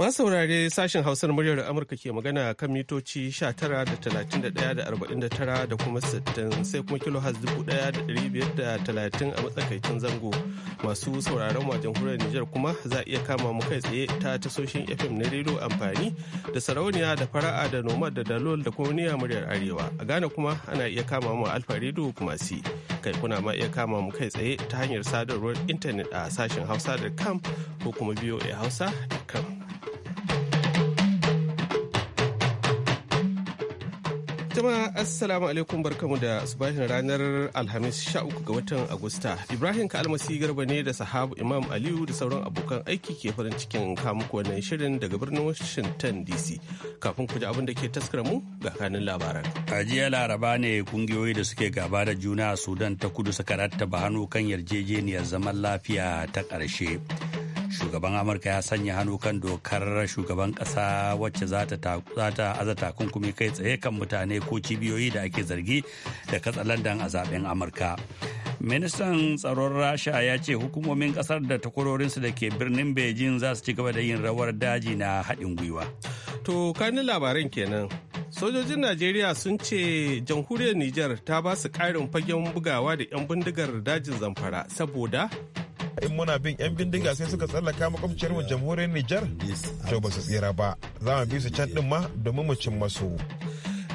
Masu saurare sashen hausar muryar Amurka ke magana kan mitoci 19 da kuma 60 sai kuma kilohaz 1530 a matsakaicin zango. Masu sauraron wajen jamhuriyar Nijar kuma za iya kama mu kai tsaye ta tasoshin FM na rediyo amfani da sarauniya da fara'a da noma da dalol da kuma niyyar muryar Arewa. A Ghana kuma ana iya kama mu alfa rediyo kuma si. Kai kuna ma iya kama mu kai tsaye ta hanyar sadarwar intanet a sashen hausa.com ko kuma voa hausa.com. Jama'a Assalamu alaikum barkamu da subahin ranar Alhamis 13 ga watan Agusta. Ibrahim Kalmasi Garba ne da sahabu Imam Aliyu da sauran abokan aiki ke farin cikin kamuku wannan shirin daga birnin Washington DC. Kafin ku ji abin da ke taskar mu ga kanin labaran. A jiya Laraba ne kungiyoyi da suke gaba da juna a Sudan ta kudu suka rattaba hannu kan yarjejeniyar zaman lafiya ta ƙarshe. shugaban amurka ya sanya hannu kan dokar shugaban kasa wacce za ta aza takunkumi kai tsaye kan mutane ko cibiyoyi da ake zargi da katsalandan a zaben amurka ministan tsaron rasha ya ce hukumomin kasar da takwarorinsu da ke birnin beijing za su ci gaba da yin rawar daji na haɗin gwiwa to kanin labarin kenan sojojin najeriya sun ce jamhuriyar niger ta ba su ƙarin fagen bugawa da 'yan bindigar dajin zamfara saboda in muna bin 'yan bindiga sai suka tsallaka makwabciyar mu jamhuriyar Nijar to ba su tsira ba za mu bi su can din ma domin mu cin masu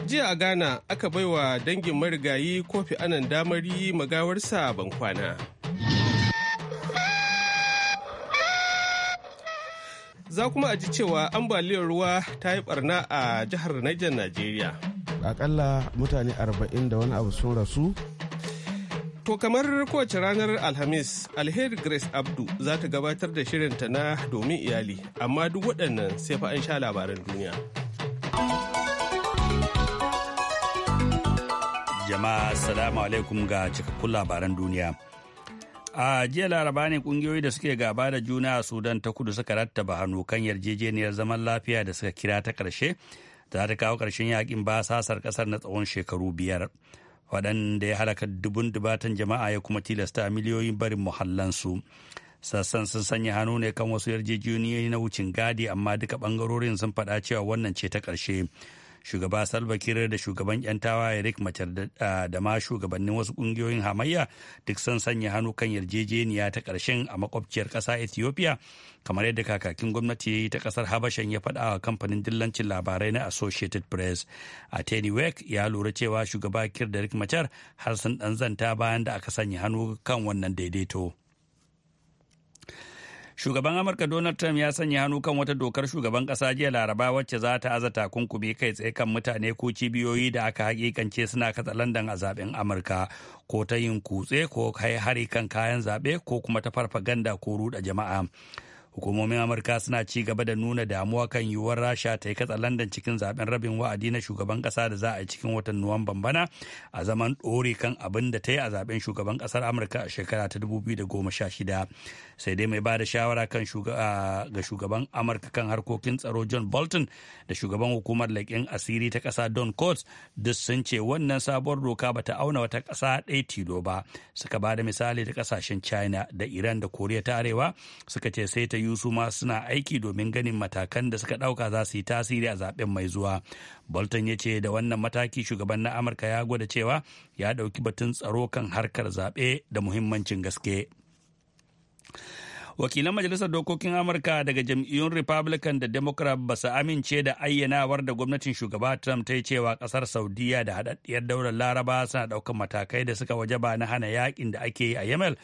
jiya a ghana aka baiwa dangin marigayi kofi anan damar yi magawarsa ban kwana za kuma a ji cewa ambaliyar ruwa ta yi barna a jihar Niger Najeriya. Akalla mutane arba'in da wani abu sun rasu To kamar kowace ranar Alhamis, Alheri Grace Abdu za ta gabatar da shirinta na domin iyali, amma duk waɗannan sai fa an sha labaran duniya. Jama'a, salamu alaikum ga cikakkun labaran duniya. a jiya laraba ne kungiyoyi da suke gaba da juna a sudan ta kudu suka rattaba hannu kan yarjejeniyar zaman lafiya da suka kira ta ƙarshe, za ta kawo ƙarshen yakin basasar kasar na tsawon shekaru biyar waɗanda ya halaka dubun dubatan jama'a ya kuma tilasta miliyoyin barin muhallansu sassan sun sanya hannu ne kan wasu yarjejeniyoyi na wucin gadi amma duka ɓangarorin sun faɗa cewa wannan ce ta ƙarshe shugaba salva kiir da shugaban yan Eric macar da ma shugabannin wasu kungiyoyin hamayya duk sun sanya hannu kan yarjejeniya ta karshen a makwabciyar kasa ethiopia kamar yadda kakakin gwamnati ya yi ta kasar habashan ya faɗa wa kamfanin dillancin labarai na associated press a teddy wek ya lura cewa shugaba kiir da Eric machar har sun ɗan zanta bayan da aka sanya hannu kan wannan daidaito. Shugaban Amurka Donald Trump ya sanya hannu kan wata dokar shugaban kasa jiya Laraba wacce za ta aza takunkumi kai tsaye kan mutane ko cibiyoyi da aka hakikance suna katsa katsalandan a zaben Amurka ko ta yin kutse ko kai hari kan kayan zaɓe ko kuma ta farfaganda ko ruɗa jama'a. hukumomin amurka suna ci gaba da nuna damuwa kan yiwuwar rasha ta yi katsa landan cikin zaben rabin wa'adi na shugaban kasa da za a yi cikin watan nuwamban bana a zaman ɗore kan abin da ta yi a zaben shugaban kasar amurka a shekara ta 2016 sai dai mai ba da shawara kan ga shugaban amurka kan harkokin tsaro john bolton da shugaban hukumar laƙin asiri ta ƙasa don coates duk sun ce wannan sabuwar doka bata auna wata ƙasa ɗaya tilo ba suka ba da misali da ƙasashen china da iran da koriya ta arewa suka ce sai ta yusu ma suna aiki domin ganin matakan da suka ɗauka za su yi tasiri a zaɓen mai zuwa bolton ya ce da wannan mataki shugaban na amurka ya gwada cewa ya ɗauki batun tsaro kan harkar zaɓe da muhimmancin gaske. wakilan majalisar dokokin amurka daga jam'iyyun republican da democrat ba su amince da ayyanawar da gwamnatin shugaba trump ta yi cewa kasar saudiya da haɗaɗɗiyar daular laraba suna ɗaukar matakai da suka waje ba na hana yakin da ake yi a yamal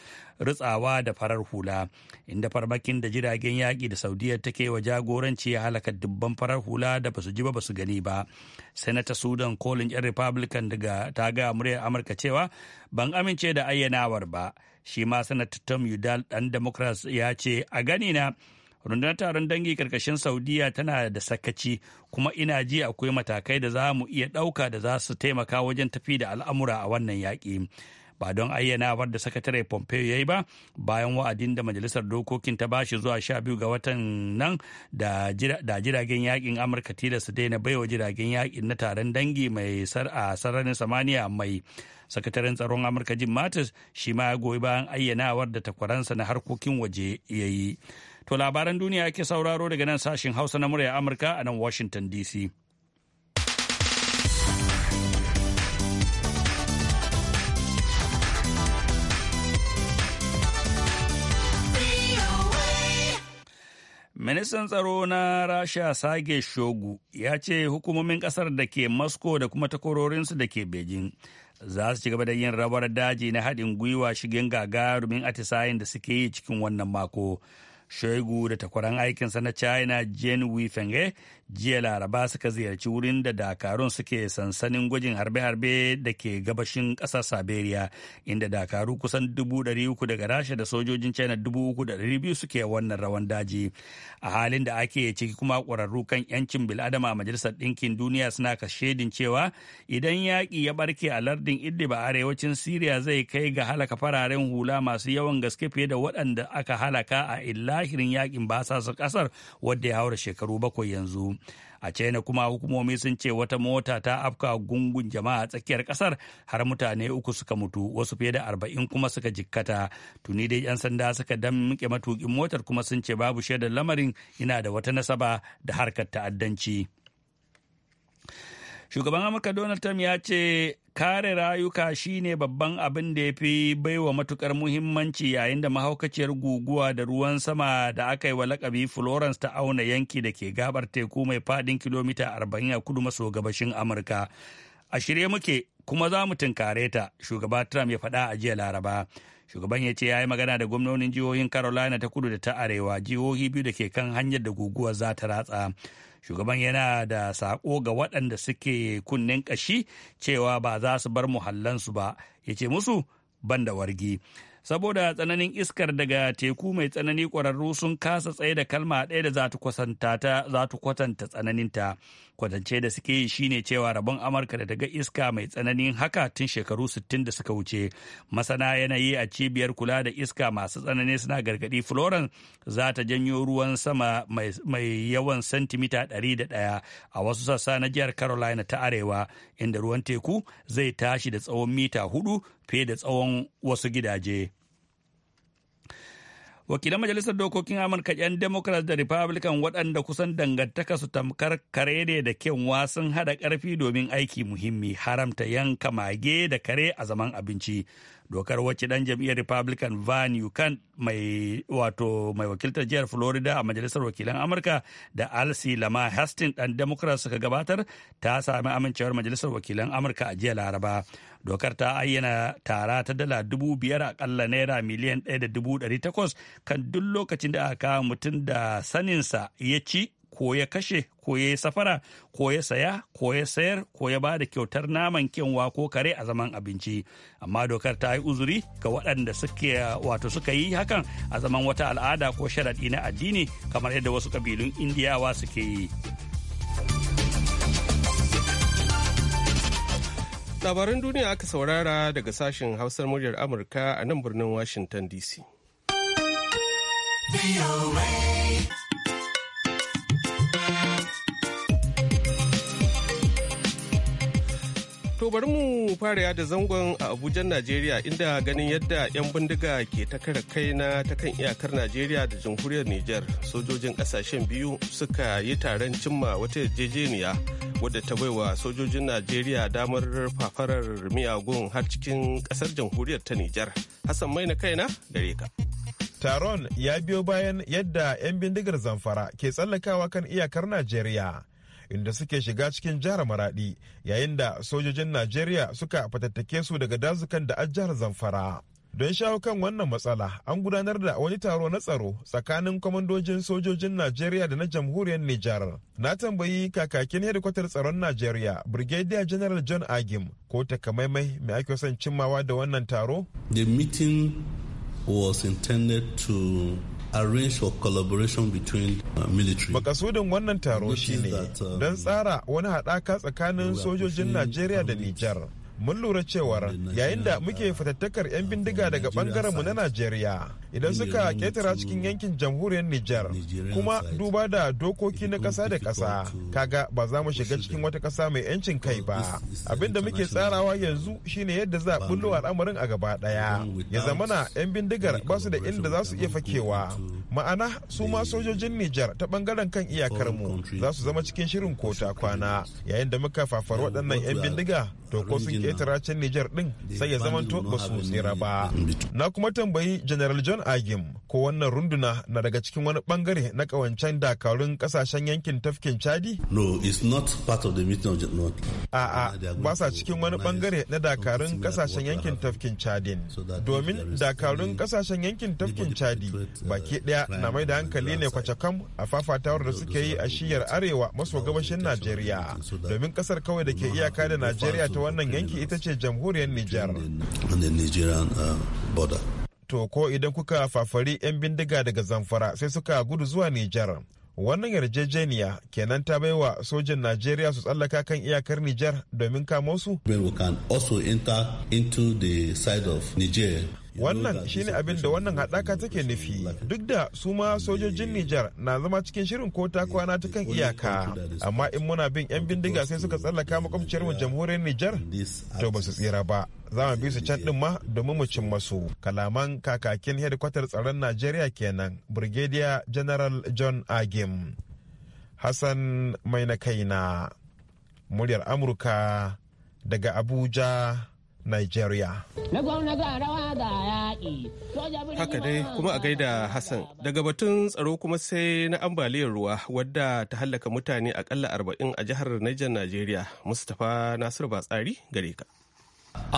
ritsawa da farar hula inda farmakin da jiragen yaƙi da saudiya take wa jagoranci ya halaka dubban farar hula da basu ji ba basu gani ba senator sudan colin yan republican daga ta ga muryar amurka cewa ban amince da ayyanawar ba shi ma sanata tom udall dan democrats ya ce a gani na rundunar taron dangi karkashin saudiya tana da sakaci kuma ina ji akwai matakai da za mu iya ɗauka da za su taimaka wajen tafi da al'amura a wannan yaƙi ba don ayyanawar da sakatare pompeo ya yi ba bayan wa'adin da majalisar dokokin ta bashi zuwa sha biyu ga watan nan da jiragen yakin amurka su daina baiwa jiragen yakin na taron dangi mai sararin samaniya mai sakataren tsaron amurka jim mattis shi ma ya goyi bayan ayyanawar da takwaransa na harkokin waje ya yi to labaran duniya ake sauraro daga nan sashen hausa na murya amurka a nan washington dc Ministan tsaro na Rasha Sage Shogu ya ce hukumomin kasar da ke Moscow da kuma takwarorinsu da ke Beijing za su ci gaba da yin rawar daji na haɗin gwiwa shigen gagarumin atisayen da suke yi cikin wannan mako. Shoigu da takwaran aikinsa na China Jen Wifenge jiya laraba suka ziyarci wurin da dakarun suke sansanin gwajin harbe-harbe da ke gabashin ƙasar siberia inda dakaru kusan 300 daga rasha da sojojin china 3,200 suke wannan rawan daji a halin da ake ciki kuma ƙwararru kan 'yancin biladama a majalisar ɗinkin duniya suna shaidin cewa idan yaƙi ya barke a lardin idlib a arewacin syria zai kai ga halaka fararen hula masu yawan gaske fiye da waɗanda aka halaka a illahirin yaƙin basasa ƙasar wadda ya haura shekaru bakwai yanzu a china kuma hukumomi sun ce wata mota ta afka gungun jama'a tsakiyar kasar har mutane uku suka mutu wasu fiye da arba'in kuma suka jikkata tuni dai yan sanda suka damke matukin motar kuma sun ce babu shaidar lamarin yana da wata nasaba da harkar ta'addanci shugaban amurka donald trump ya ce kare rayuka shine babban abin da ya fi baiwa matukar muhimmanci yayin da mahaukaciyar guguwa da ruwan sama da aka yi wa lakabi Florence ta auna yanki da ke gabar teku mai fadin kilomita 40 a kudu maso gabashin Amurka. A shirye muke kuma za mu tunkare ta, shugaba Trump ya faɗa a jiya Laraba. Shugaban ya ce ya yi magana da gwamnonin jihohin Carolina ta kudu da ta arewa, jihohi biyu da ke kan hanyar da guguwar za ta ratsa. shugaban yana da sako ga waɗanda suke kunnen ƙashi cewa ba za su bar muhallansu ba ya ce musu ban da wargi saboda tsananin iskar daga teku mai tsanani ƙwararru sun kasa tsaye da kalma ɗaya da za ta kwatanta tsananinta kwatance da suke yi shine cewa rabon amurka da daga iska mai tsananin haka tun shekaru 60 da suka wuce masana yanayi a cibiyar kula da iska masu tsanani suna gargadi florence za ta janyo ruwan sama mai yawan santimita 101 a wasu sassa na jihar carolina ta arewa inda ruwan teku zai tashi da tsawon mita hudu fiye da tsawon wasu gidaje. wakilan majalisar dokokin amurka 'yan democrats da republican waɗanda kusan dangantaka su tamkar kare ne da kyanwa sun hada ƙarfi domin aiki muhimmi haramta yanka mage da kare a zaman abinci dokar wacce dan jam'iyyar republican van yukan mai wato mai wakiltar jihar florida a majalisar wakilan amurka da alsi lama hastin dan democrat suka gabatar ta sami amincewar majalisar wakilan amurka a jiya laraba dokar ta ayyana tara ta dala dubu biyar akalla naira miliyan ɗaya da dubu ɗari takwas kan duk lokacin da aka mutum da saninsa ya ci ko ya kashe ko ya safara ko ya saya ko ya sayar ko ya ba da kyautar naman kyanwa ko kare a zaman abinci amma dokar ta yi uzuri ga waɗanda suke wato suka yi hakan a zaman wata al'ada ko sharaɗi na addini kamar yadda wasu ƙabilun indiyawa suke yi labaran duniya aka saurara daga sashen hausar muryar amurka a nan birnin washington dc To bari mu fara da zangon a Abuja, Najeriya inda ganin yadda 'yan bindiga ke ta kare kaina ta kan iyakar Najeriya da jamhuriyar Nijar sojojin kasashen biyu suka yi taron cimma wata yarjejeniya wadda ta baiwa sojojin Najeriya damar fafarar miyagun har cikin kasar jamhuriyar ta Nijar. Hassan mai na kaina gare ka. Taron ya biyo bayan yadda 'yan bindigar zamfara ke tsallakawa kan iyakar Najeriya. inda suke shiga cikin jihar maradi yayin da sojojin najeriya suka fatattake su daga dazukan da jihar zamfara don shawo kan wannan matsala an gudanar da wani taro na tsaro tsakanin kwamandojin sojojin najeriya da na jamhuriyar nijar na tambayi kakakin hedikwatar tsaron najeriya brigadier general john agim ko takamaimai mai ake son cimmawa da wannan taro the meeting was intended to arrange for collaboration between uh, Makasudin wannan taro shi ne um, don tsara wani haɗaka tsakanin sojojin Najeriya da Nijar. Mun lura cewar yayin da uh, muke fatattakar 'yan bindiga daga mu na Najeriya. idan suka ketara cikin yankin jamhuriyar Nijar kuma duba da dokoki na ƙasa da ƙasa kaga ba za mu shiga cikin wata ƙasa mai 'yancin kai ba abinda muke tsarawa yanzu shine yadda za a bullo al'amarin a gaba ɗaya ya zamana 'yan bindigar ba su da inda za su iya fakewa ma'ana su ma sojojin Nijar ta bangaren kan iyakar mu za su zama cikin shirin kota kwana yayin da muka fafar waɗannan 'yan bindiga to ko sun ketara can Nijar din sai ya zamanto ba su tsira ba na kuma tambayi General John Agim ko wannan runduna na daga cikin wani bangare na kawancen dakarun kasashen yankin tafkin Chadi? No, it's not part of the meeting of no. A'a, ba sa cikin wani bangare na dakarun kasashen yankin tafkin Chadin. Domin dakarun kasashen yankin tafkin Chadi uh, baki daya na mai da hankali ne kwacakam a fafatawar da suke yi a shiyar arewa maso gabashin Najeriya. Domin kasar kawai da ke iyaka da Najeriya ta wannan yanki ita ce jamhuriyar Nijar. to ko idan kuka fafari 'yan bindiga daga zamfara sai suka gudu zuwa nijar wannan yarjejeniya kenan ta baiwa sojan najeriya su tsallaka kan iyakar Nijar domin kamo su we can also into the side of niger wannan shine abin da wannan haɗaka take nufi duk da su ma sojojin nijar na zama cikin shirin ko ta eh, kwana ta kan iyaka amma in muna bin 'yan bindiga sai suka tsallaka makwabciyar mu jamhuriyar nijar to ba su tsira ba za mu bi su can din ma domin mu cin masu kalaman kakakin hedikwatar tsaron najeriya kenan brigadier general john agim hassan mai na kaina muryar amurka daga abuja Nigeria. Haka dai kuma a gaida Hassan daga batun tsaro kuma sai na ambaliyar ruwa wadda ta hallaka mutane akalla arba'in a jihar Niger Nigeria. Mustapha Nasiru Batsari gare ka.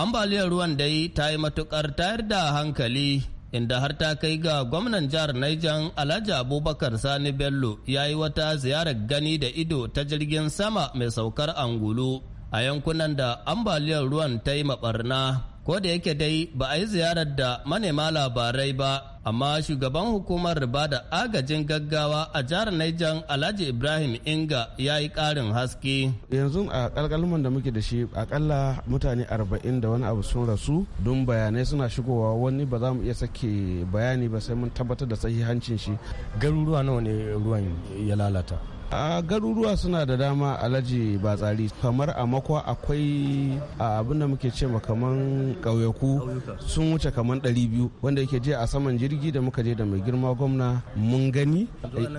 Ambaliyar ruwan dai ta yi matukar tayar da hankali inda har ta kai ga gwamnan jihar Niger Alhaji Abubakar Sani Bello ya yi wata ziyarar gani da ido ta jirgin sama mai saukar angulu a yankunan da ambaliyar ruwan ta yi maɓarna ko da yake dai ba a yi ziyarar da manema labarai ba amma shugaban hukumar riba da agajin gaggawa a jihar Niger Alhaji Ibrahim Inga ya yi karin haske. Yanzu a kalkalman da muke da shi akalla mutane arba'in da wani abu sun rasu don bayanai suna shigowa wani ba za mu iya sake bayani ba sai mun tabbatar da sahihancin shi. Garuruwa nawa ne ruwan ya lalata? a garuruwa suna da dama alaji ba tsari kamar a makwa akwai abin da muke ce kaman ƙauyaku sun wuce kaman 200 wanda yake je a saman jiri. jirgi da muka je da mai girma gwamna mun gani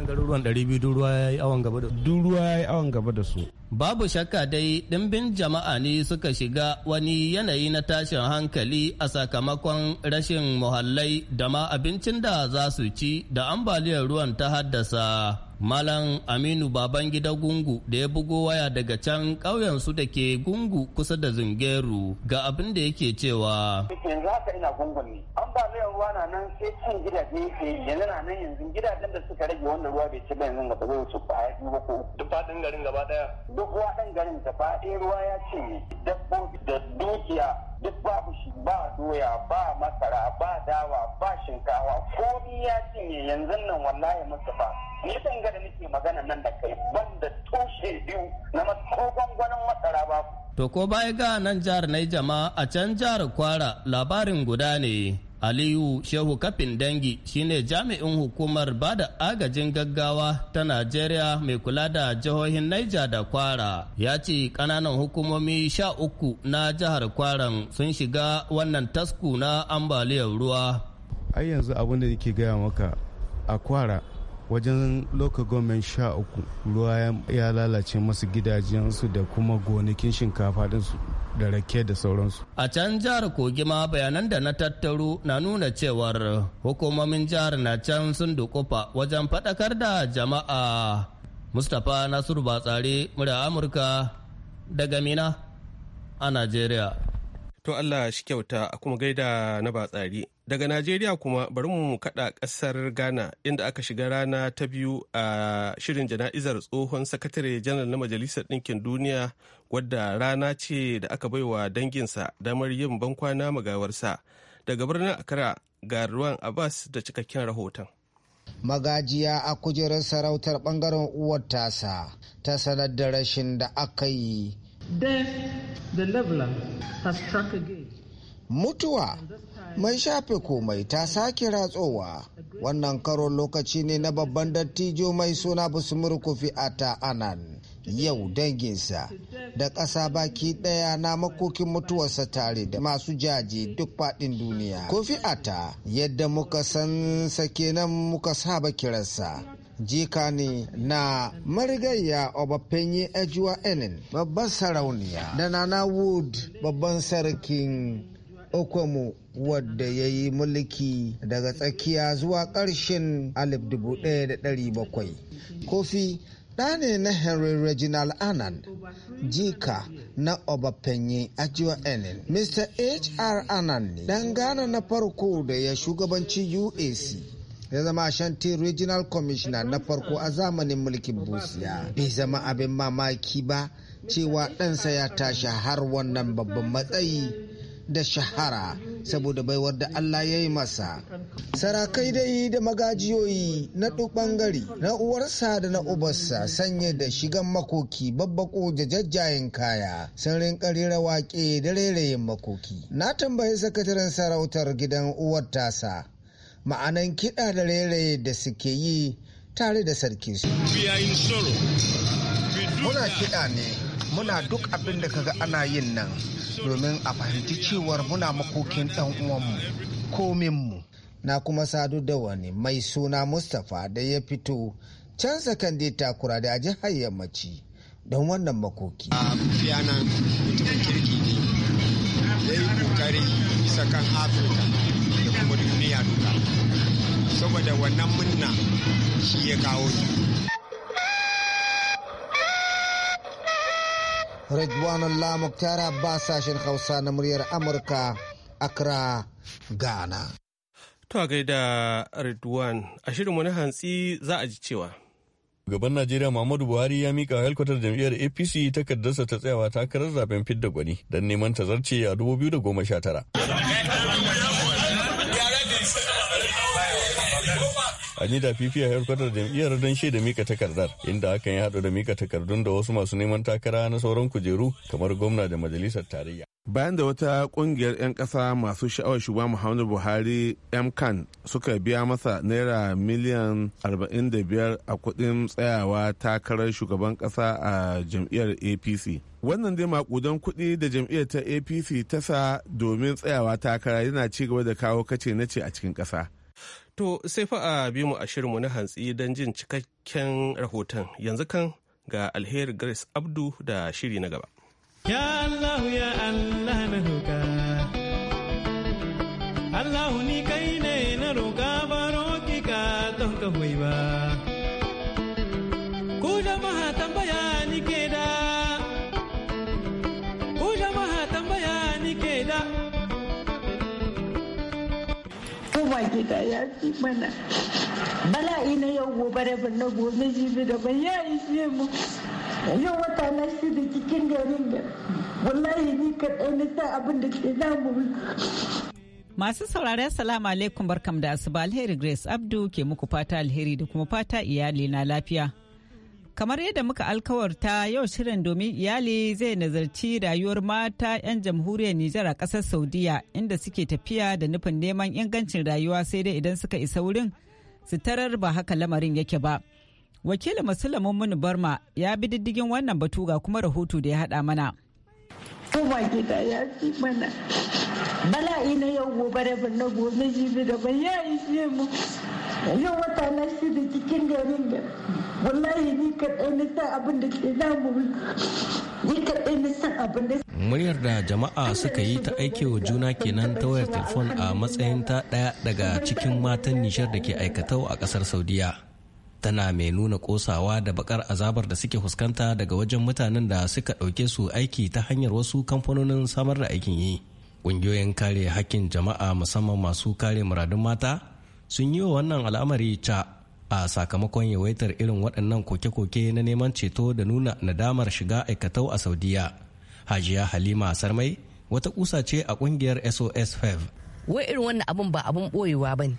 garuruwan 200 ruwa ya yi awon gaba da su ruwa ya yi awon gaba da su babu shakka dai dimbin jama'a ne suka shiga wani yanayi na tashin hankali a sakamakon rashin muhallai da ma abincin da za su ci da ambaliyar ruwan ta haddasa Malam Aminu Babangida Gungu da ya bugo waya daga can ƙauyen su da ke Gungu kusa da Zungeru ga abin da yake cewa. Yanzu haka ina gungun ne. An ba mai ruwa na nan sai cin gidaje yake yanzu na nan yanzu gidajen da suka rage wannan ruwa bai ci ba yanzu ga zai wuce kwaya biyu ba ko. Duk faɗin garin gaba ɗaya. Duk faɗin garin gaba ɗaya ruwa ya ce dabbobi da tsakiya duk babu shi ba doya ba masara ba dawa ba shinkawa komi ya cinye yanzu nan wallahi mustapha ni san ga da nake magana nan da kai banda tushe biyu na ko gwangwanin masara ba To ko baya ga nan jihar jama'a a can jihar Kwara labarin guda ne. Aliyu Shehu Kafin Dangi shine jami'in hukumar ba da agajin gaggawa ta Najeriya mai kula da jihohin Naija da Kwara ya ce kananan hukumomi sha uku na jihar Kwaran sun shiga wannan tasku na ambaliyar ruwa. Ai yanzu abin da yake gaya maka a Kwara wajen local government sha uku ruwa ya lalace masu gidajensu da kuma gonakin shinkafa su. da rake da sauransu. A can jihar Kogima bayanan da na tattaro na nuna cewar hukumomin jihar na can sun dukufa wajen faɗakar da jama'a. Mustapha Nasiru Batsari murya Amurka daga Mina a Najeriya. To Allah shi kyauta a kuma gaida na Batsari. Daga Najeriya kuma bari mu kaɗa ƙasar Ghana inda aka shiga rana ta biyu a shirin jana'izar tsohon sakatare janar na Majalisar Ɗinkin Duniya wadda rana ce da aka baiwa danginsa damar yin bankwana magawarsa. Daga birnin Accra ga ruwan Abbas da cikakken rahoton. Magajiya a kujerar sarautar bangaren uwar tasa ta sanar da rashin da aka yi. Mutuwa mai shafe komai ta sake ratsowa wannan karon lokaci ne na babban dattijo mai suna busumur kofi ata anan yau danginsa da ƙasa baki ɗaya na makokin mutuwarsa tare da masu jaje duk faɗin duniya kofi ata yadda muka san sake nan muka saba kiransa jika ne na marigayya obafenye ejuwa enin babban sarauniya da nana wood babban sarkin okwamu wadda ya yi mulki daga tsakiya zuwa ƙarshen 1700. Kofi ɗa ne na Henry Reginald Anand, jika na Obafenyi Ajiwa Enin. Mr. H.R. Anand ne ɗan Ghana na farko da ya shugabanci UAC. ya zama shanti regional commissioner na farko a zamanin mulkin busiya bai zama abin mamaki ba cewa ɗansa ya tashi har wannan babban matsayi da shahara saboda baiwar da Allah ya yi masa. Sarakai dai da magajiyoyi na duk bangare na uwarsa da na ubarsa sanye da shigan makoki babbako da jajjayen kaya sun rinka rera waƙe da rairayin makoki. Na tambayi sakataren sarautar gidan uwar tasa ma'anan kiɗa da rairaye da suke yi tare da sarki su. Muna kiɗa ne muna duk abin da kaga ana yin nan domin a fahimci cewar muna makokin dan uwanmu kominmu na kuma sadu da wani mai suna mustapha da ya fito can sakandi takura da jihar yammaci don wannan makoki a fiyanan mutumin kirki ne ya yi kokari bisa kan afirka da kuma duniya duka saboda wannan munna shi ya kawo su Redwanullah Muktar Abbas sashen Hausa na muryar Amurka Accra, Ghana. To a gaida Redwan, a shirin wani hantsi za a ji cewa. Gaban Najeriya Muhammadu Buhari ya mika halkwatar jam'iyyar APC takardarsa ta tsayawa takarar zaben fidda gwani don neman tazarce a 2019. an yi da fifi a da iyar don da mika takardar inda hakan ya haɗu da mika takardun da wasu masu neman takara na sauran kujeru kamar gwamna da majalisar tarayya. bayan da wata kungiyar 'yan kasa masu sha'awar shugaba muhammadu buhari mkan suka biya masa naira miliyan 45 a kudin tsayawa takarar shugaban kasa a jam'iyyar apc wannan dai makudan kudi da jam'iyyar ta apc ta sa domin tsayawa takara yana ci gaba da kawo kace na ce a cikin kasa. To sai fa a bi mu a shirinmu na hantsi don jin cikakken rahoton yanzu kan ga alheri Grace Abdu da shiri na gaba. Ya Allah ya Allah na roƙa. Allah ni kai ne na roƙa ba roƙi ka don ka ba. Ku jama'a kowa gida ya ci mana bala'i na yau gobe da na gobe jibi da ban ya ishe mu yau wata na shi da cikin garin da wallahi ni ka na ta abin da ke damu Masu saurare salamu alaikum barkam da asuba alheri Grace Abdu ke muku fata alheri da kuma fata iyali na lafiya. kamar yadda muka alkawarta yau shirin domin iyali zai nazarci rayuwar mata 'yan jamhuriyar nijar a ƙasar saudiya inda suke tafiya da nufin neman ingancin rayuwa sai dai idan suka isa wurin su tarar ba haka lamarin yake ba wakilin musulmin muni barma ya bi diddigin wannan batu ga kuma rahoto da ya haɗa mana bala'i na yau gobe da na gobe jibi da ban ya yi fiye mu yau wata na shi da cikin garin da wallahi ni kaɗai na sa abin da ke namu ni kaɗai na san abin da muryar da jama'a suka yi ta aikewa juna kenan ta wayar telefon a matsayin ta ɗaya daga cikin matan nishar da ke aikatau a ƙasar saudiya tana mai nuna kosawa da bakar azabar da suke fuskanta daga wajen mutanen da suka ɗauke su aiki ta hanyar wasu kamfanonin samar da aikin yi. ƙungiyoyin kare hakkin jama'a musamman masu kare muradun mata sun yi wa wannan al'amari ca a sakamakon yawaitar irin waɗannan koke-koke na neman ceto da nuna nadamar shiga aikatau a saudiya hajiya halima sarmai wata kusa ce a ƙungiyar sos 5 e wai irin wannan abun ba abin ɓoyewa ba ne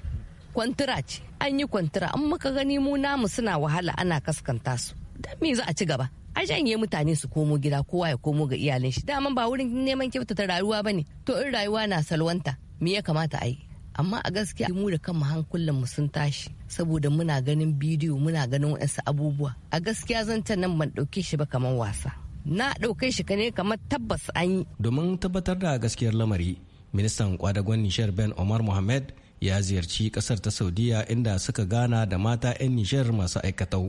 kwantira ce an yi kwantira an muka gani mu namu suna wahala ana kaskanta su dan me za a ci gaba a janye mutane su komo gida kowa ya komo ga iyalin shi daman ba wurin neman kyautata rayuwa bane to in rayuwa na salwanta me ya kamata a yi amma a gaskiya mu da kanmu hankulan mu sun tashi saboda muna ganin bidiyo muna ganin waɗansu abubuwa a gaskiya zan ta nan ban ɗauke shi ba kamar wasa na ɗauke shi ne kamar tabbas an yi domin tabbatar da gaskiyar lamari ministan kwadagon nishar ben omar mohammed ya ziyarci kasar ta saudiya inda suka gana da mata 'yan nishar masu aikatau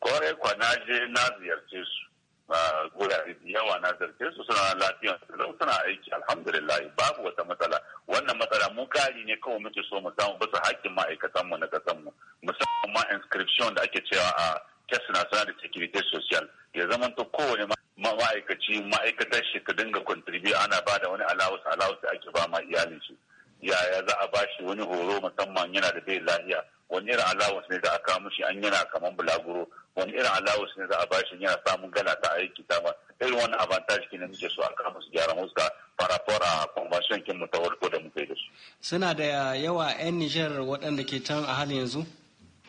kwarai kwa na je na ziyarce su a gurare yawa na ziyarce su suna lafiya suna aiki alhamdulillah babu wata matsala wannan matsala mu kari ne kawai muke so mu samu bisa haƙƙin ma'aikatan mu na kasan mu musamman ma inscription da ake cewa a kes national da security social ya to kowane ma'aikaci ma'aikatar shi ka dinga contribute ana ba da wani allowance allowance da ake ba ma iyalin shi yaya za a ba shi wani horo musamman yana da bai lahiya wani irin allowance ne da aka mushi an yana kaman bulaguro wani irin allowance ne za a bashi yana samun gana ta aiki dama irin wannan advantage ne muke so a kama su gyara muska farafar a convention kin mu ta warko da muke da su. Suna da yawa 'yan Nijar waɗanda ke can a halin yanzu?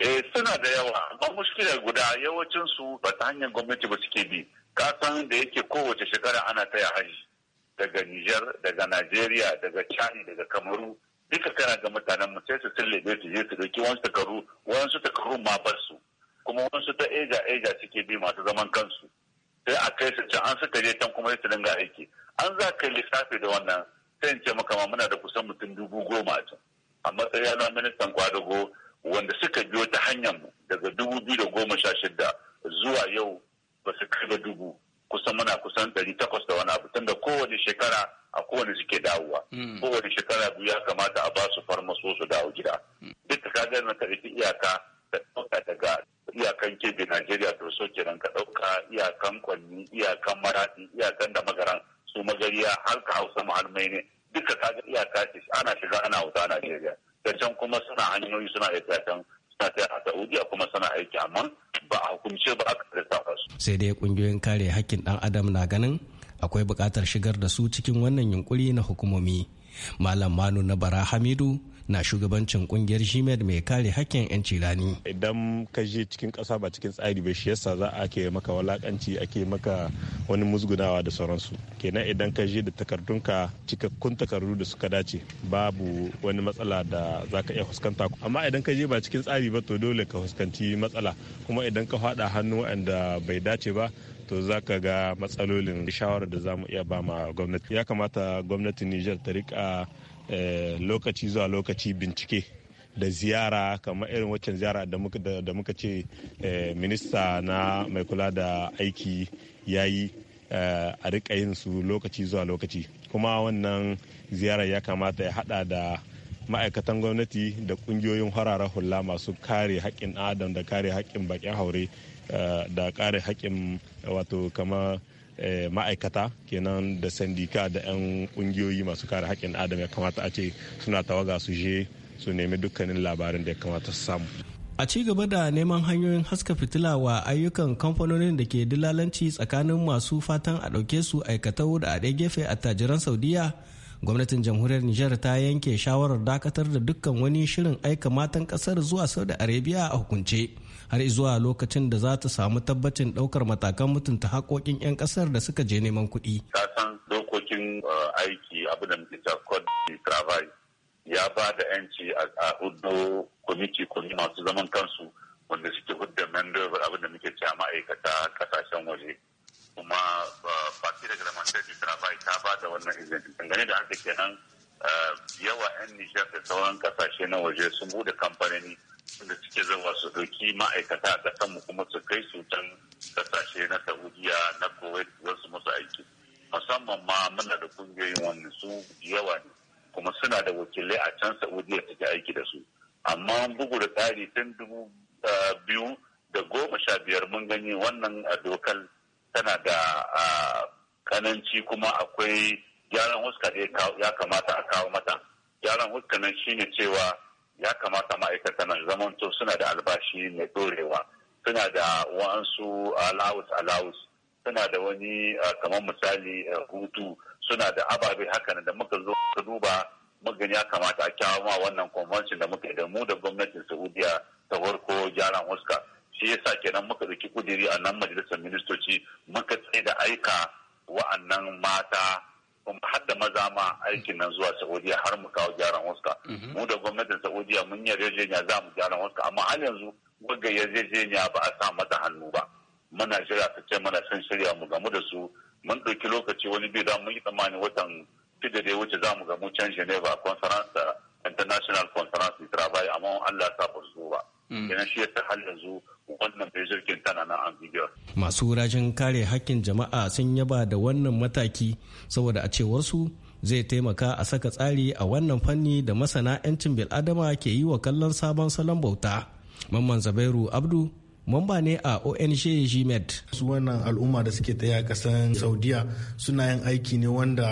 Eh suna da yawa amma mushkila guda yawancin su ba ta hanyar gwamnati ba suke bi. kasan san da yake kowace shekara ana taya haji daga Nijar, daga Najeriya, daga Chani, daga Kamaru. Duka kana ga mutanen mu sai su tille su je su dauki wani takaru, su takaru ma bar su. kuma wasu ta eja eja suke bi masu zaman kansu sai a kai su can an suka je can kuma su dinga aiki an za ka lissafi da wannan sai in ce maka ma muna da kusan mutum dubu goma a can a matsayin na ministan kwadago wanda suka biyo ta hanyar mu daga dubu biyu da goma sha shida zuwa yau ba su kai ba dubu kusan muna kusan ɗari takwas da wani abu tunda kowane shekara a kowane suke dawowa hmm. kowane shekara biyu ya kamata a ba su farmaso su dawo gida hmm. duk ka gani na karfi iyaka da ɗauka daga iyakan kebe Najeriya to so kenan ka ɗauka iyakan kwanni iyakan maraɗi iyakan da magaran su magariya har ka hausa mahalmai ne duka ka ga iyaka ce ana shiga ana hausa Najeriya da can kuma suna hanyoyi suna a can suna ta a Saudiya kuma suna aiki amma ba a hukunce ba a karfafa su. Sai dai kungiyoyin kare hakkin ɗan adam na ganin akwai buƙatar shigar da su cikin wannan yunkuri na hukumomi. Malam Manu na Bara Hamidu na shugabancin kungiyar shimed mai kare hakkin 'yanci rani idan ka je cikin kasa ba cikin tsari ba shi yasa za a ke maka walakanci ake maka wani musgunawa da sauransu kenan idan ka je da takardunka cikakkun takardu da suka dace babu wani matsala da za ka iya fuskanta amma idan ka je ba cikin tsari ba to dole ka fuskanci matsala kuma idan ka fada hannu wanda bai dace ba to za ka ga matsalolin shawarar da za mu iya ba ma gwamnati ya kamata gwamnatin niger ta rika Eh, lokaci zuwa lokaci bincike da ziyara kamar irin waccan ziyara da muka ce eh, minista na mai kula da aiki ya yi eh, a rika yin su lokaci zuwa lokaci kuma wannan ziyara ya kamata ya hada da ma'aikatan gwamnati da kungiyoyin harara hula masu kare haƙƙin adam da kare haƙƙin baƙin haure da kare haƙƙin wato kama Eh, ma'aikata kenan da sandika da 'yan kungiyoyi masu kare haƙƙin adam ya kamata a ce suna tawaga su je su nemi dukkanin labarin da ya kamata su samu a ci gaba da neman hanyoyin haska fitila wa ayyukan kamfanonin da ke dilalanci tsakanin masu fatan a ɗauke su aikatau da a ɗaya gefe a tajiran saudiya gwamnatin jamhuriyar nijar ta yanke shawarar dakatar da dukkan wani shirin aika matan ƙasar zuwa saudi arabia a hukunce har zuwa lokacin da za ta samu tabbacin ɗaukar matakan mutunta haƙoƙin 'yan ƙasar da suka je neman kuɗi. Kasan dokokin uh, aiki abu da muke travai ya ba da 'yanci a hudu kwamiti kwamiti masu zaman kansu wanda suke hudda mandover abin da muke cewa ma'aikata kasashen waje. Kuma fi da du travai ta ba da wannan izinin. Dangane da haka kenan Eh, yawa 'yan Nijar da sauran kasashe na waje sun bude kamfanoni da suke zama su doki ma'aikata a kasanmu kuma su kai su can kasashe na Saudiya na Kuwait wasu masu aiki. Musamman ma muna da kungiyoyin wani su yawa ne kuma suna da wakilai a can Saudiya suke aiki da su. Amma bugu da tsari tun dubu eh, biyu da goma sha biyar mun gani wannan dokar tana da kananci eh, kuma akwai gyaran huska ya kamata a kawo mata gyaran huska nan shine cewa ya kamata ma'aikata nan zamanto suna da albashi mai dorewa suna da wa'ansu alawus allowance suna da wani kamar misali hutu suna da ababe haka da muka zo ka duba magani ya kamata a kyawo ma wannan convention da muka da mu da gwamnatin saudiya ta farko gyaran huska shi yasa kenan muka ɗauki kudiri a nan majalisar ministoci muka tsaye da aika wa'annan mata har da maza ma aikin nan zuwa Saudiya har mu kawo gyaran huska. Mhm. Mu da gwamnatin Saudiya mun yi yarjejeniya za mu gyaran huska amma har yanzu ya yarjejeniya ba a sa mata hannu ba. Muna jira ta ce mana sun shirya mu gamu da su mun ɗauki lokaci wani biyu da mun yi tsammani watan shida da ya wuce za mu gamu can Geneva conference da International Conference Travail amma Allah ya sa ba su zo ba. Mm. Kenan shi ya ta har yanzu wannan zirgin tana na an Masu rajin kare hakkin jama'a sun yaba da wannan mataki saboda a cewarsu zai taimaka a saka tsari a wannan fanni da masana 'yancin bil'adama ke yi wa kallon sabon salon bauta. Mamman Zabairu Abdu mamba ne a ong gmed. su wannan al'umma da suke taya a kasan saudiya suna yin aiki ne wanda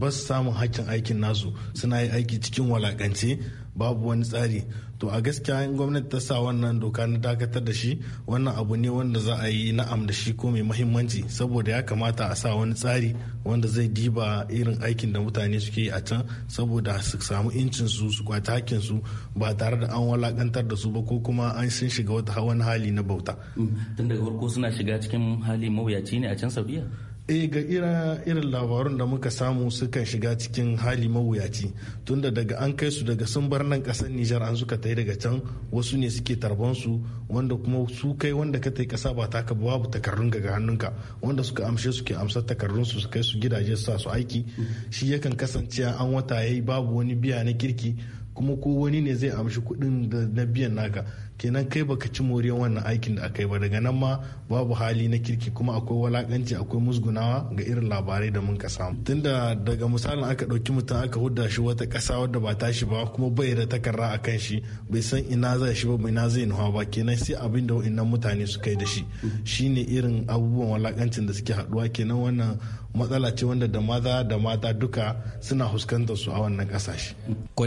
ba su samun hakkin aikin nasu suna yin aiki cikin walakance babu wani tsari to a gaskiya in gwamnati ta sa wannan doka na dakatar da shi wannan abu ne wanda za a yi na'am da shi ko mai mahimmanci saboda ya kamata a sa wani tsari wanda zai diba irin aikin da mutane suke yi a can saboda su samu incin su su kwata hakkin su ba tare da an walakantar da su ba ko kuma an sun shiga wata hawan hali na bauta mm. tun daga farko suna shiga cikin hali mawuyaci ne a can saudiya eh ga ira irin labarun da muka samu sukan shiga cikin hali mawuyaci tunda daga an kai su daga sun bar nan kasar Nijar an suka tai daga can wasu ne suke tarban su wanda kuma su kai wanda ka tai kasa ba taka babu takarrun ga hannunka wanda suka amshe suke amsar takarrun su su kai su gidaje su sa su aiki mm. shi yakan kasance an wata yayi babu wani biya na kirki kuma ko wani ne zai amshi kuɗin da na biyan naka kenan kai baka ci moriyar wannan aikin da aka yi ba daga nan ma babu hali na kirki kuma akwai walakanci akwai musgunawa ga irin labarai da mun ka samu tunda daga misalin aka ɗauki mutum aka hudda shi wata ƙasa wadda ba ta shi ba kuma bai da takarra a kan shi bai san ina zai shi ba bai na zai nuwa ba kenan sai abin da mutane su kai da shi shine irin abubuwan walakancin da suke haɗuwa kenan wannan matsala ce wanda da maza da mata duka suna fuskantar su a wannan kasashe.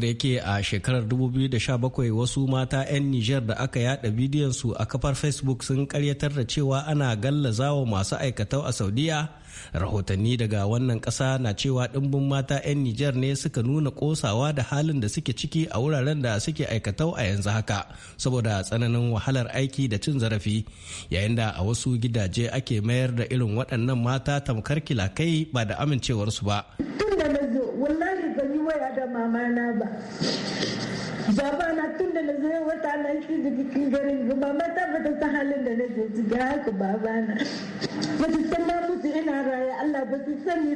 yake a shekarar 2017 wasu mata 'yan Nijar da aka yada bidiyon su a kafar Facebook sun karyatar da cewa ana gallazawa masu aikatau a Saudiya rahotanni daga wannan ƙasa na cewa ɗimbin mata 'yan nijar ne suka nuna ƙosawa da halin da suke ciki a wuraren da suke aikatau a yanzu haka saboda tsananin wahalar aiki da cin zarafi yayin da a wasu gidaje ake mayar da irin waɗannan mata tamkar kilakai ba da amincewarsu ba tun na zo wallahi waya da mamana ba baba na tun da na zo wata na shi da cikin garin mama ta ba ta halin da na zo ga haka baba na ba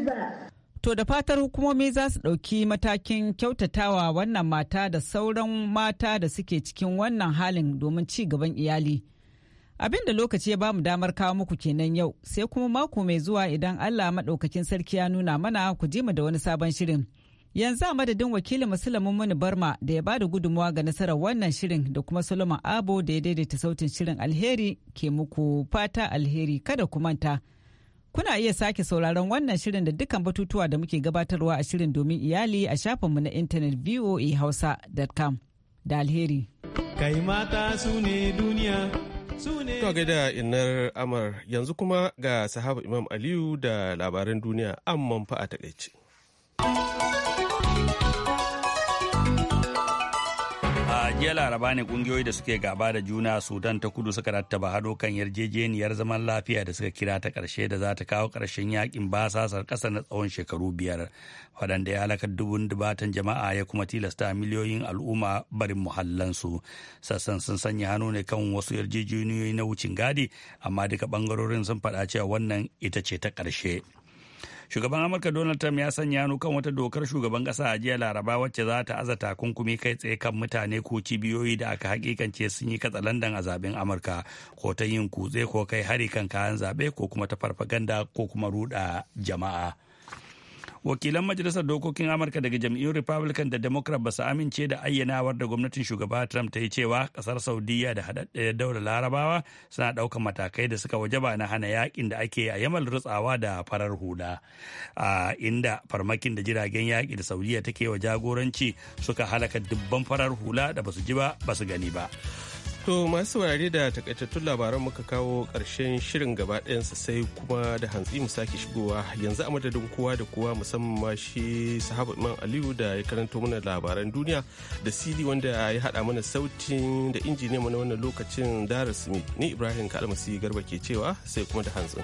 ba To da fatar hukumomi za su ɗauki matakin kyautatawa wannan mata da sauran mata da suke cikin wannan halin domin ci gaban iyali. Abin da lokaci ya bamu damar kawo muku kenan yau sai kuma mako mai zuwa idan Allah maɗaukakin sarki ya nuna mana ku ji mu da wani sabon shirin. Yanzu a madadin wakilin Musulmin Muni Barma da ya ba da gudunmawa ga nasarar wannan shirin da kuma Solomon Abo da ya daidaita sautin shirin alheri ke muku fata alheri kada ku manta. Kuna iya sake sauraron wannan shirin da dukkan batutuwa da muke gabatarwa a shirin domin iyali a shafinmu na intanet voahausa.com da alheri. Kai mata su ne duniya su ne. To gaida inar Amar yanzu kuma ga sahaba Imam Aliyu da labaran duniya amman fa a takaice. a jiya laraba ne kungiyoyi da suke gaba da juna sudan ta kudu suka rattaba hado kan yarjejeniyar zaman lafiya da suka kira ta karshe da za ta kawo karshen yakin basasar kasa na tsawon shekaru biyar waɗanda ya halakar dubun dubatan jama'a ya kuma tilasta miliyoyin al'umma barin muhallansu sassan sun sanya hannu ne kan wasu yarjejeniyoyi na wucin gadi amma duka bangarorin sun faɗa cewa wannan ita ce ta ƙarshe. Shugaban Amurka Donald Trump ya sanya hannu kan wata dokar shugaban kasa a jiya Laraba wacce za ta aza takunkumi kai tsaye kan mutane ko cibiyoyi da aka hakikance sun yi katsalandan a zaben Amurka ko ta yin kutse ko kai hari kan kayan zabe ko kuma ta farfaganda ko kuma ruɗa jama'a. wakilan majalisar dokokin amurka daga jam'iyyun republican da democrat ba su amince da ayyanawar da gwamnatin shugaba trump ta yi cewa kasar saudiya da haɗaɗɗiyar daular larabawa suna ɗaukar matakai da suka wajaba na hana yakin da ake a yamal rutsawa da farar hula a inda farmakin da jiragen yaƙi da saudiya take wa jagoranci suka halaka dubban farar hula da basu ji ba basu gani ba To masu saurare da takaitattun labaran muka kawo ƙarshen shirin gaba ɗayansa sai kuma da hantsi mu sake shigowa yanzu a madadin kowa da kowa musamman shi sahabu Iman Aliyu da ya karanto mana labaran duniya da sili wanda ya haɗa mana sautin da injiniya mana wannan lokacin Darus ni Ibrahim Kalmasi Garba ke cewa sai kuma da hantsin.